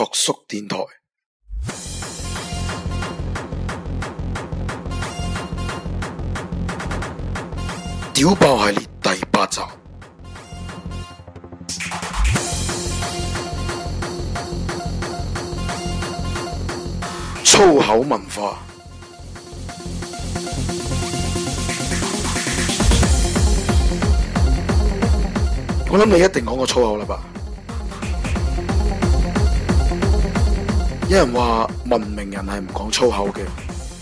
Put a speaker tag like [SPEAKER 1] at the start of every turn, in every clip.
[SPEAKER 1] 托叔電台，屌爆系列第八集， 粗口文化。 我諗你一定講過粗口啦吧？有人話文明人係唔講粗口嘅，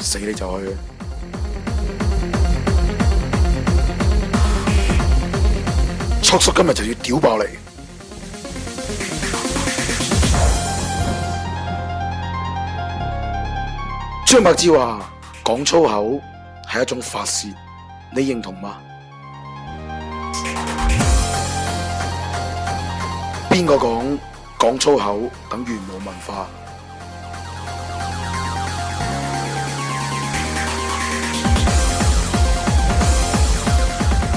[SPEAKER 1] 死你就去！速速今日就要屌爆你！張柏芝話講粗口係一種發洩，你認同嗎？邊個講講粗口等於冇文化？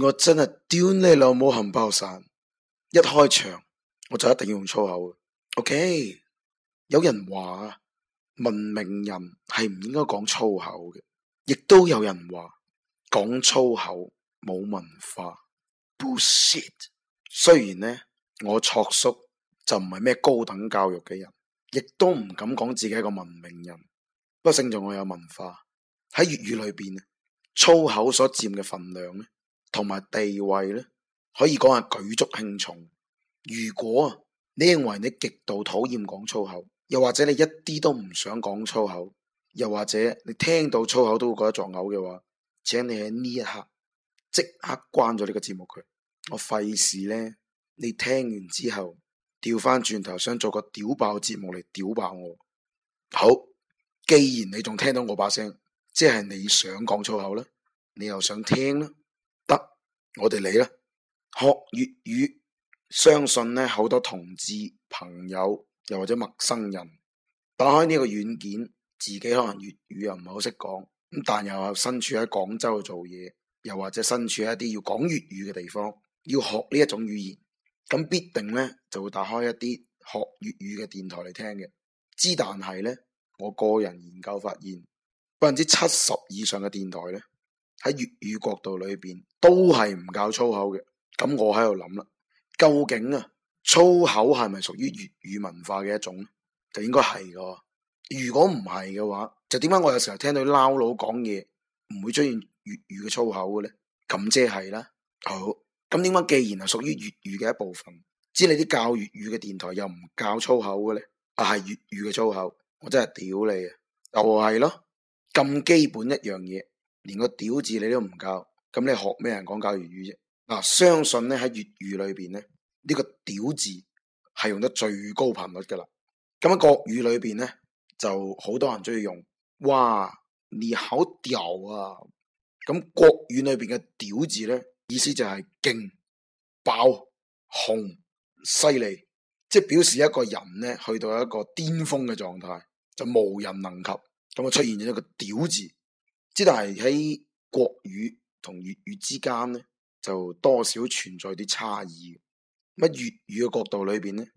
[SPEAKER 1] 我真係屌你老母含爆散！一開場我就一定要用粗口。OK，有人話文明人係唔應該講粗口嘅，亦都有人話講粗口冇文化。bullshit。雖然呢，我卓叔就唔係咩高等教育嘅人，亦都唔敢講自己係個文明人。不過勝在我有文化。喺粵語裏邊，粗口所佔嘅份量呢？同埋地位呢，可以講係舉足輕重。如果，啊，你認為你極度討厭講粗口，又或者你一啲都唔想講粗口，又或者你聽到粗口都會覺得作嘔嘅話，請你喺呢一刻即刻關咗呢個節目佢。我費事呢，你聽完之後調翻轉頭想做個屌爆節目嚟屌爆我。好，既然你仲聽到我把聲，即係你想講粗口啦，你又想聽啦。我哋嚟啦，學粵語，相信咧好多同志朋友又或者陌生人，打開呢個軟件，自己可能粵語又唔係好識講，咁但又身處喺廣州做嘢，又或者身處喺一啲要講粵語嘅地方，要學呢一種語言，咁必定咧就會打開一啲學粵語嘅電台嚟聽嘅。之但係咧，我個人研究發現，百分之七十以上嘅電台咧。喺粵語角度裏邊都係唔教粗口嘅，咁我喺度諗啦，究竟啊粗口係咪屬於粵語文化嘅一種？就應該係咯。如果唔係嘅話，就點解我有時候聽到撈佬講嘢唔會出現粵語嘅粗口嘅呢？咁即係啦。好，咁點解既然係屬於粵語嘅一部分，知你啲教粵語嘅電台又唔教粗口嘅呢？啊，係粵語嘅粗口，我真係屌你啊！又係咯，咁基本一樣嘢。連個屌字你都唔教，咁你學咩人講教粵語啫？嗱、啊，相信咧喺粵語裏邊咧，呢、這個屌字係用得最高頻率噶啦。咁、嗯、喺國語裏邊咧，就好多人中意用，哇，你好屌啊！咁、嗯、國語裏邊嘅屌字咧，意思就係勁、爆、紅、犀利，即係表示一個人咧去到一個巔峰嘅狀態，就無人能及。咁、嗯、啊，出現咗一個屌字。即係喺國語同粵語之間咧，就多少存在啲差異。乜粵語嘅角度裏邊咧，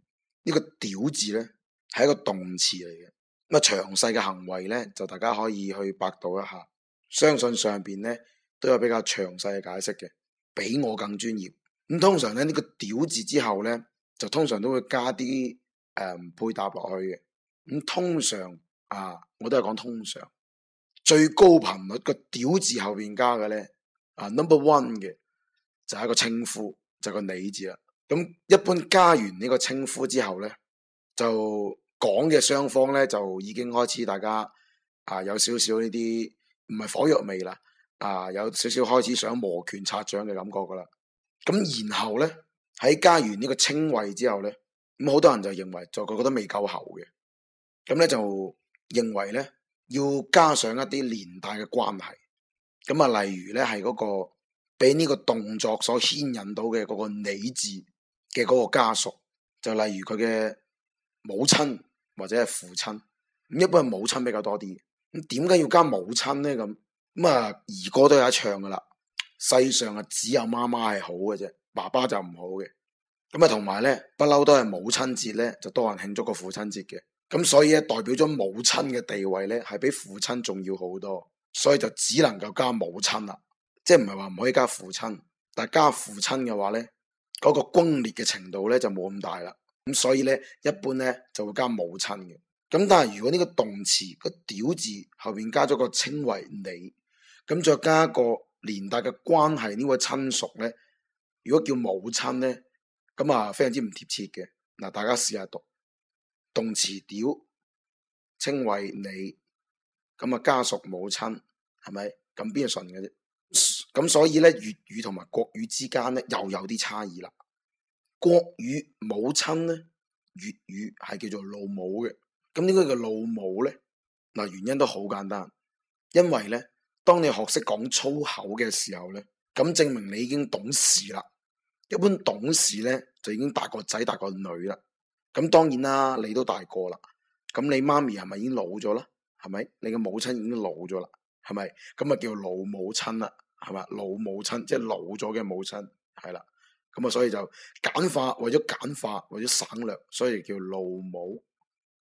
[SPEAKER 1] 這個、呢個屌字咧係一個動詞嚟嘅。咁啊，詳細嘅行為咧，就大家可以去百度一下，相信上邊咧都有比較詳細嘅解釋嘅，比我更專業。咁通常咧，呢、這個屌字之後咧，就通常都會加啲誒、呃、配搭落去嘅。咁通常啊，我都係講通常。最高頻率個屌字後邊加嘅呢，啊 number one 嘅就係一個稱呼，就係個你字啦。咁一般加完呢個稱呼之後呢，就講嘅雙方呢，就已經開始大家啊有少少呢啲唔係火藥味啦，啊有少少開始想磨拳擦掌嘅感覺噶啦。咁然後呢，喺加完呢個稱謂之後呢，咁好多人就認為就覺覺得未夠喉嘅，咁呢，就認為呢。要加上一啲連帶嘅關係，咁啊，例如咧係嗰個俾呢個動作所牽引到嘅嗰個理智嘅嗰個家屬，就例如佢嘅母親或者係父親，咁一般係母親比較多啲。咁點解要加母親咧？咁咁啊兒歌都有一唱噶啦，世上啊只有媽媽係好嘅啫，爸爸就唔好嘅。咁啊同埋咧，不嬲都係母親節咧就多人慶祝過父親節嘅。咁所以咧，代表咗母親嘅地位咧，係比父親重要好多，所以就只能夠加母親啦。即係唔係話唔可以加父親，但係加父親嘅話咧，嗰、那個轟裂嘅程度咧就冇咁大啦。咁所以咧，一般咧就會加母親嘅。咁但係如果呢個動詞、那個屌字後邊加咗個稱為你，咁再加一個連帶嘅關係呢位、這個、親屬咧，如果叫母親咧，咁啊非常之唔貼切嘅。嗱，大家試下讀。動詞屌，稱為你咁啊家屬母親係咪？咁邊個順嘅啫？咁所以咧，粵語同埋國語之間咧又有啲差異啦。國語母親咧，粵語係叫做老母嘅。咁呢個叫老母咧，嗱，原因都好簡單，因為咧，當你學識講粗口嘅時候咧，咁證明你已經懂事啦。一般懂事咧，就已經大個仔大個女啦。咁當然啦，你都大個啦。咁你媽咪係咪已經老咗啦？係咪？你嘅母親已經老咗啦？係咪？咁啊，叫老母親啦，係咪？老母親即係老咗嘅母親，係啦。咁啊，所以就簡化，為咗簡化，為咗省略，所以叫老母。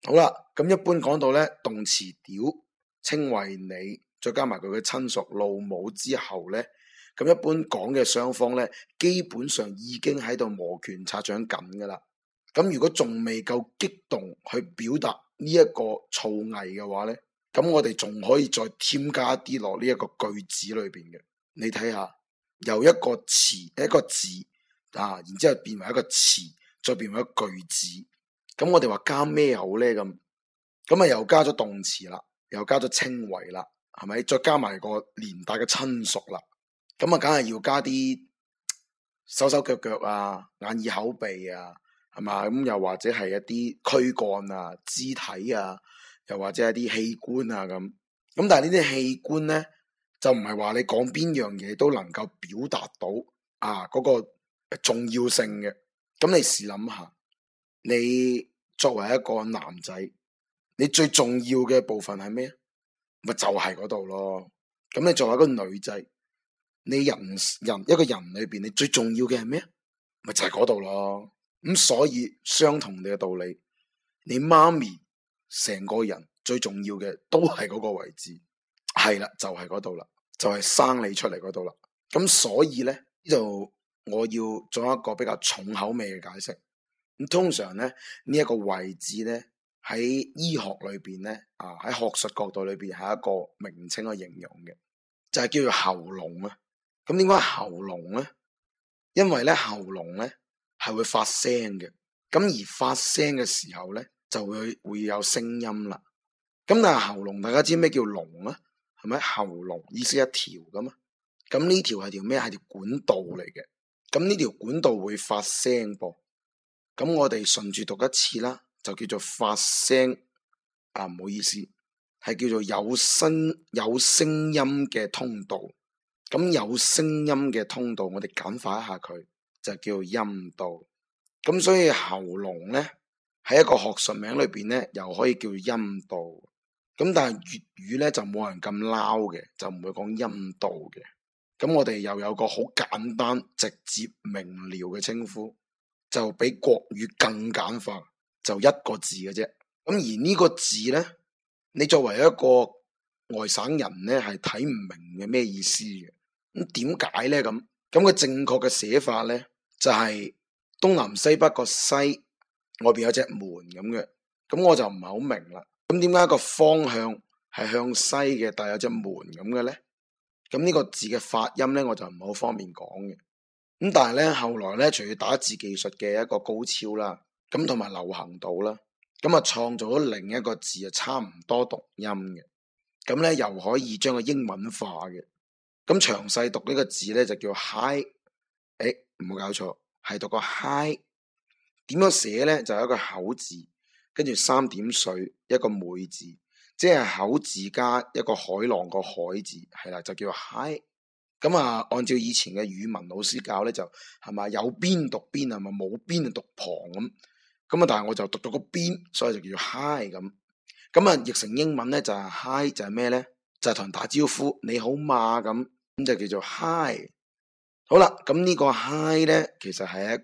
[SPEAKER 1] 好啦，咁一般講到咧動詞屌稱為你，再加埋佢嘅親屬老母之後咧，咁一般講嘅雙方咧，基本上已經喺度摩拳擦掌緊噶啦。咁如果仲未夠激動去表達呢一個造詣嘅話咧，咁我哋仲可以再添加啲落呢一個句子裏邊嘅。你睇下，由一個詞一個字啊，然之後變為一個詞，再變為一個句子。咁我哋話加咩好咧？咁咁啊，又加咗動詞啦，又加咗稱謂啦，係咪？再加埋個年代嘅親屬啦，咁啊，梗係要加啲手手腳腳啊、眼耳口鼻啊。係嘛？咁又或者係一啲軀幹啊、肢體啊，又或者係一啲器官啊咁。咁但係呢啲器官咧，就唔係話你講邊樣嘢都能夠表達到啊嗰個重要性嘅。咁你試諗下，你作為一個男仔，你最重要嘅部分係咩？咪就係嗰度咯。咁你作為一個女仔，你人人一個人裏邊，你最重要嘅係咩？咪就係嗰度咯。咁、嗯、所以相同嘅道理，你媽咪成個人最重要嘅都係嗰個位置，係啦，就係嗰度啦，就係、是、生你出嚟嗰度啦。咁、嗯、所以咧，呢度我要做一個比較重口味嘅解釋。咁、嗯、通常咧呢一、這個位置咧喺醫學裏邊咧啊喺學術角度裏邊係一個名稱嘅形容嘅，就係、是、叫做喉嚨啊。咁點解喉嚨咧？因為咧喉嚨咧。係會發聲嘅，咁而發聲嘅時候咧，就會會有聲音啦。咁但係喉嚨，大家知咩叫龍啊？係咪喉嚨？意思一條㗎嘛？咁呢條係條咩？係條管道嚟嘅。咁呢條管道會發聲噃。咁我哋順住讀一次啦，就叫做發聲。啊，唔好意思，係叫做有聲有聲音嘅通道。咁有聲音嘅通道，我哋簡化一下佢。就叫做音道，咁所以喉嚨咧喺一個學術名裏邊咧，又可以叫做音道。咁但係粵語咧就冇人咁撈嘅，就唔會講音道嘅。咁我哋又有個好簡單、直接、明了嘅稱呼，就比國語更簡化，就一個字嘅啫。咁而呢個字咧，你作為一個外省人咧，係睇唔明嘅咩意思嘅？咁點解咧？咁、那、咁個正確嘅寫法咧？就係東南西北個西外邊有隻門咁嘅，咁我就唔係好明啦。咁點解個方向係向西嘅，但係有隻門咁嘅咧？咁呢個字嘅發音咧，我就唔係好方便講嘅。咁但係咧後來咧，除咗打字技術嘅一個高超啦，咁同埋流行到啦，咁啊創造咗另一個字啊，差唔多讀音嘅。咁咧又可以將個英文化嘅。咁詳細讀呢個字咧，就叫 high。誒、欸。冇搞錯，係讀個 high，點樣寫咧？就係一個口字，跟住三點水一個妹字，即係口字加一個海浪個海字，係啦，就叫做 high。咁啊，按照以前嘅語文老師教咧，就係咪有邊讀邊啊，咪冇邊就讀旁咁。咁啊，但係我就讀咗個邊，所以就叫做 high 咁。咁啊，譯成英文咧就係 high，就係咩咧？就係同人打招呼，你好嘛咁，咁就叫做 high。好啦，咁呢個嗨咧，其實係一個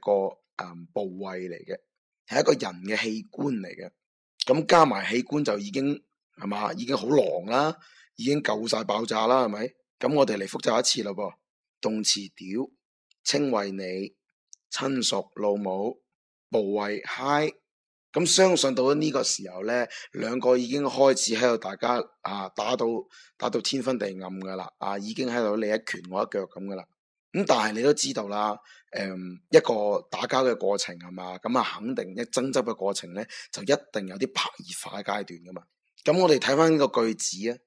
[SPEAKER 1] 誒、嗯、部位嚟嘅，係一個人嘅器官嚟嘅。咁、嗯、加埋器官就已經係嘛，已經好狼啦，已經夠晒爆炸啦，係咪？咁、嗯、我哋嚟複習一次咯噃。動詞屌，稱為你親屬老母部位嗨。嗯、咁相信到咗呢個時候咧，兩個已經開始喺度大家啊打到打到天昏地暗噶啦，啊已經喺度你一拳我一腳咁噶啦。咁、嗯、但係你都知道啦，誒、嗯，一個打交嘅過程係嘛，咁啊，肯定一爭執嘅過程咧，就一定有啲白熱化嘅階段噶嘛。咁我哋睇翻呢個句子啊，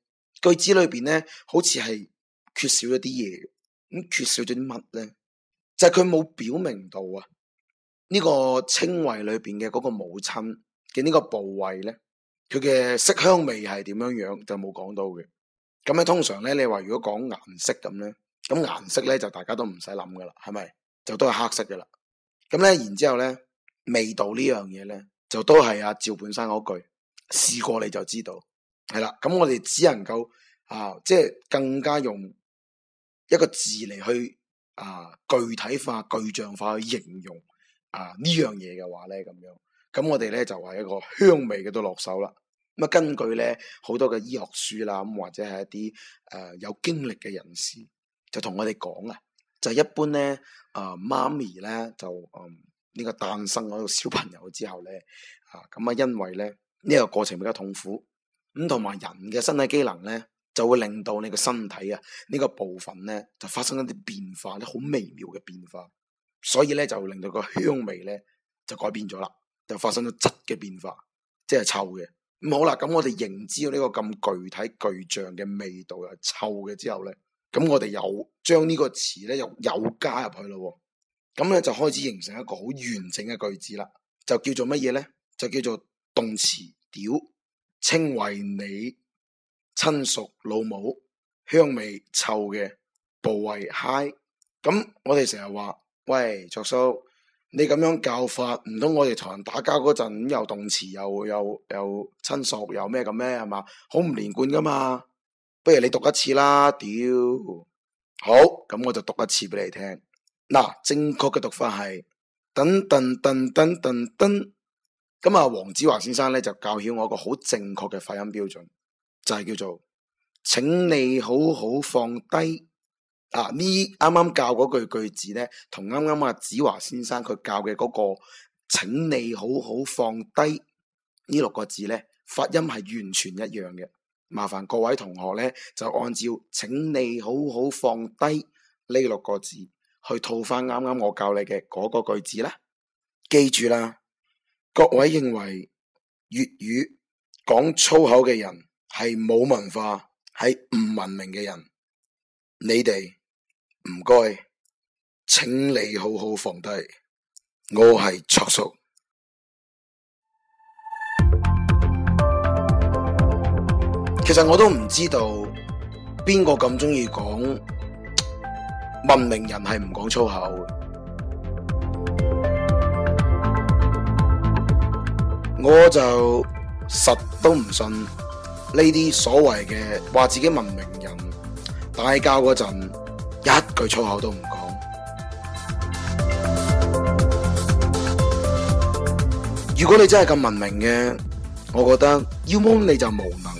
[SPEAKER 1] 句子裏邊咧，好似係缺少咗啲嘢，咁、嗯、缺少咗啲乜咧？就係佢冇表明到啊，呢、這個稱謂裏邊嘅嗰個母親嘅呢個部位咧，佢嘅色香味係點樣樣就冇講到嘅。咁咧通常咧，你話如果講顏色咁咧？咁顏色咧就大家都唔使諗噶啦，係咪？就都係黑色嘅啦。咁咧，然之後咧，味道呢樣嘢咧，就都係阿趙本山嗰句：試過你就知道。係啦，咁我哋只能夠啊，即係更加用一個字嚟去啊具體化、具象化去形容啊呢樣嘢嘅話咧，咁樣。咁我哋咧就話一個香味嘅都落手啦。咁啊，根據咧好多嘅醫學書啦，咁或者係一啲誒、啊、有經歷嘅人士。就同我哋講啊，就係、一般咧，啊、呃、媽咪咧就嗯呢、呢個誕生咗個小朋友之後咧，啊咁啊因為咧呢、呢個過程比較痛苦，咁同埋人嘅身體機能咧就會令到你個身體啊呢、呢個部分咧就發生一啲變化，啲好微妙嘅變化，所以咧就令到個香味咧就改變咗啦，就發生咗質嘅變化，即係臭嘅。咁、嗯、好啦，咁、嗯、我哋認知到呢個咁具體具象嘅味道係臭嘅之後咧。咁我哋又將呢個詞咧又又加入去咯、哦，咁咧就開始形成一個好完整嘅句子啦。就叫做乜嘢咧？就叫做動詞屌稱為你親屬老母香味臭嘅部位嗨。咁我哋成日話：喂，卓叔，你咁樣教法唔通我哋同人打交嗰陣又動詞又又又親屬又咩咁咩係咪？好唔連貫㗎嘛？不如你讀一次啦，屌，好，咁我就讀一次俾你聽。嗱、啊，正確嘅讀法係，噔噔噔噔噔噔，咁啊，黃子華先生咧就教曉我一個好正確嘅發音標準，就係、是、叫做，請你好好放低。啊，呢啱啱教嗰句句子咧，同啱啱阿子華先生佢教嘅嗰、那個，請你好好放低呢六個字咧，發音係完全一樣嘅。麻煩各位同學咧，就按照請你好好放低呢六個字去套翻啱啱我教你嘅嗰個句子啦。記住啦，各位認為粵語講粗口嘅人係冇文化，係唔文明嘅人，你哋唔該，請你好好放低，我係卓叔。其實我都唔知道邊個咁中意講，文明人係唔講粗口，我就實都唔信呢啲所謂嘅話自己文明人打交嗰陣一句粗口都唔講。如果你真係咁文明嘅，我覺得要麼你就無能。